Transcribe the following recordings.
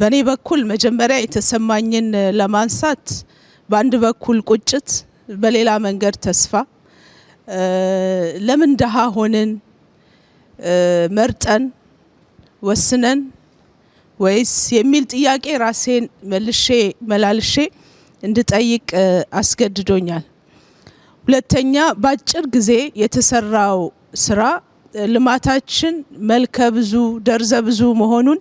በእኔ በኩል መጀመሪያ የተሰማኝን ለማንሳት በአንድ በኩል ቁጭት፣ በሌላ መንገድ ተስፋ ለምን ደሃ ሆንን መርጠን ወስነን ወይስ የሚል ጥያቄ ራሴን መልሼ መላልሼ እንድጠይቅ አስገድዶኛል። ሁለተኛ በአጭር ጊዜ የተሰራው ስራ ልማታችን መልከ ብዙ ደርዘ ብዙ መሆኑን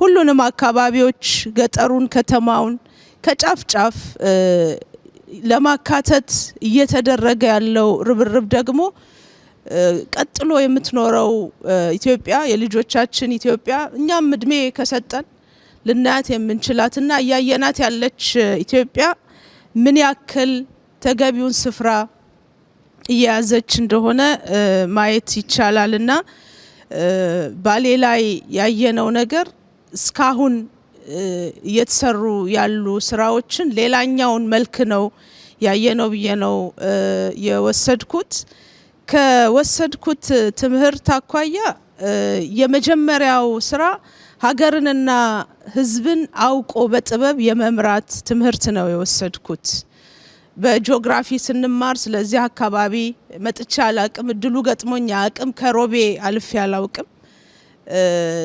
ሁሉንም አካባቢዎች ገጠሩን፣ ከተማውን ከጫፍ ጫፍ ለማካተት እየተደረገ ያለው ርብርብ ደግሞ ቀጥሎ የምትኖረው ኢትዮጵያ የልጆቻችን ኢትዮጵያ እኛም እድሜ ከሰጠን ልናያት የምንችላትና እያየናት ያለች ኢትዮጵያ ምን ያክል ተገቢውን ስፍራ እየያዘች እንደሆነ ማየት ይቻላልና ባሌ ላይ ያየነው ነገር እስካሁን እየተሰሩ ያሉ ስራዎችን ሌላኛውን መልክ ነው ያየነው ብዬ ነው የወሰድኩት። ከወሰድኩት ትምህርት አኳያ የመጀመሪያው ስራ ሀገርንና ሕዝብን አውቆ በጥበብ የመምራት ትምህርት ነው የወሰድኩት። በጂኦግራፊ ስንማር ስለዚህ አካባቢ መጥቼ አላቅም፣ እድሉ ገጥሞኝ አቅም ከሮቤ አልፌ አላውቅም።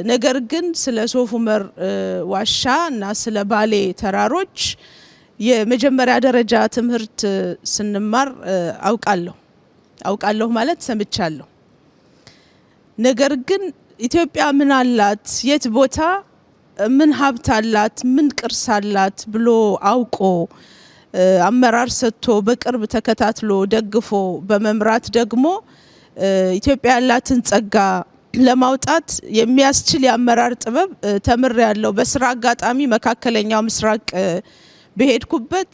ነገር ግን ስለ ሶፍ ዑመር ዋሻ እና ስለ ባሌ ተራሮች የመጀመሪያ ደረጃ ትምህርት ስንማር አውቃለሁ አውቃለሁ ማለት ሰምቻለሁ። ነገር ግን ኢትዮጵያ ምን አላት፣ የት ቦታ ምን ሀብት አላት፣ ምን ቅርስ አላት ብሎ አውቆ አመራር ሰጥቶ በቅርብ ተከታትሎ ደግፎ በመምራት ደግሞ ኢትዮጵያ ያላትን ጸጋ ለማውጣት የሚያስችል የአመራር ጥበብ ተምር ያለው በስራ አጋጣሚ መካከለኛው ምስራቅ በሄድኩበት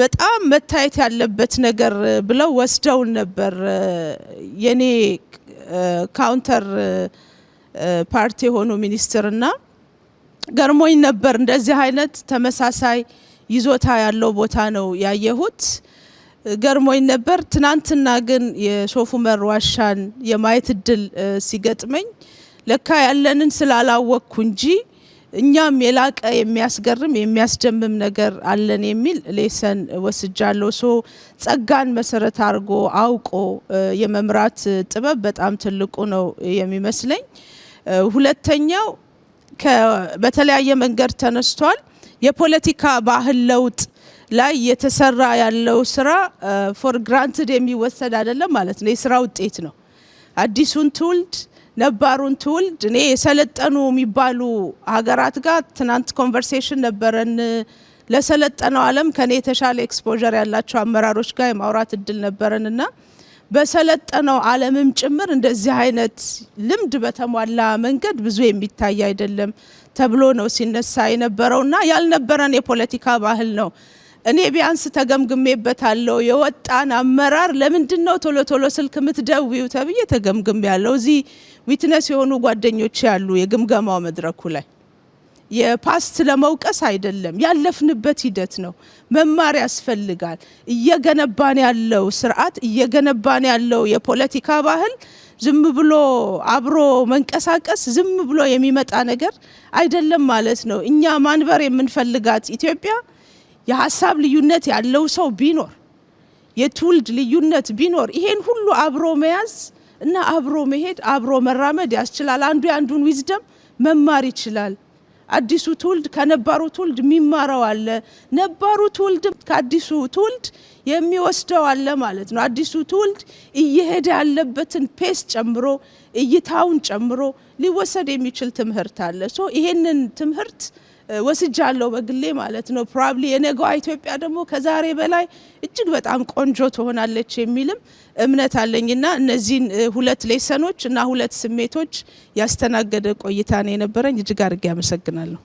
በጣም መታየት ያለበት ነገር ብለው ወስደውን ነበር። የኔ ካውንተር ፓርቲ የሆኑ ሚኒስትርና ገርሞኝ ነበር። እንደዚህ አይነት ተመሳሳይ ይዞታ ያለው ቦታ ነው ያየሁት። ገርሞኝ ነበር። ትናንትና ግን የሾፉመር ዋሻን የማየት እድል ሲገጥመኝ ለካ ያለንን ስላላወቅኩ እንጂ እኛም የላቀ የሚያስገርም የሚያስደምም ነገር አለን የሚል ሌሰን ወስጃለሁ። ሶ ጸጋን መሰረት አድርጎ አውቆ የመምራት ጥበብ በጣም ትልቁ ነው የሚመስለኝ። ሁለተኛው በተለያየ መንገድ ተነስቷል። የፖለቲካ ባህል ለውጥ ላይ የተሰራ ያለው ስራ ፎር ግራንትድ የሚወሰድ አይደለም ማለት ነው። የስራ ውጤት ነው። አዲሱን ትውልድ ነባሩን ትውልድ እኔ የሰለጠኑ የሚባሉ ሀገራት ጋር ትናንት ኮንቨርሴሽን ነበረን። ለሰለጠነው ዓለም ከኔ የተሻለ ኤክስፖዠር ያላቸው አመራሮች ጋር የማውራት እድል ነበረን እና በሰለጠነው ዓለምም ጭምር እንደዚህ አይነት ልምድ በተሟላ መንገድ ብዙ የሚታይ አይደለም ተብሎ ነው ሲነሳ የነበረውና ያልነበረን የፖለቲካ ባህል ነው። እኔ ቢያንስ ተገምግሜበታለሁ። የወጣን አመራር ለምንድን ነው ቶሎ ቶሎ ስልክ የምትደውዩ ተብዬ ያለው እዚህ ዊትነስ የሆኑ ጓደኞች ያሉ የግምገማው መድረኩ ላይ የፓስት ለመውቀስ አይደለም፣ ያለፍንበት ሂደት ነው። መማር ያስፈልጋል። እየገነባን ያለው ስርዓት እየገነባን ያለው የፖለቲካ ባህል ዝም ብሎ አብሮ መንቀሳቀስ ዝም ብሎ የሚመጣ ነገር አይደለም ማለት ነው። እኛ ማንበር የምንፈልጋት ኢትዮጵያ የሀሳብ ልዩነት ያለው ሰው ቢኖር የትውልድ ልዩነት ቢኖር ይሄን ሁሉ አብሮ መያዝ እና አብሮ መሄድ አብሮ መራመድ ያስችላል። አንዱ የአንዱን ዊዝደም መማር ይችላል። አዲሱ ትውልድ ከነባሩ ትውልድ የሚማረው አለ፣ ነባሩ ትውልድ ከአዲሱ ትውልድ የሚወስደው አለ ማለት ነው። አዲሱ ትውልድ እየሄደ ያለበትን ፔስ ጨምሮ እይታውን ጨምሮ ሊወሰድ የሚችል ትምህርት አለ። ሶ ይሄንን ትምህርት ወስጃለሁ በግሌ ማለት ነው። ፕሮባብሊ የነገዋ ኢትዮጵያ ደግሞ ከዛሬ በላይ እጅግ በጣም ቆንጆ ትሆናለች የሚልም እምነት አለኝና እነዚህን ሁለት ሌሰኖች እና ሁለት ስሜቶች ያስተናገደ ቆይታ ነው የነበረኝ። እጅግ አድርጌ አመሰግናለሁ።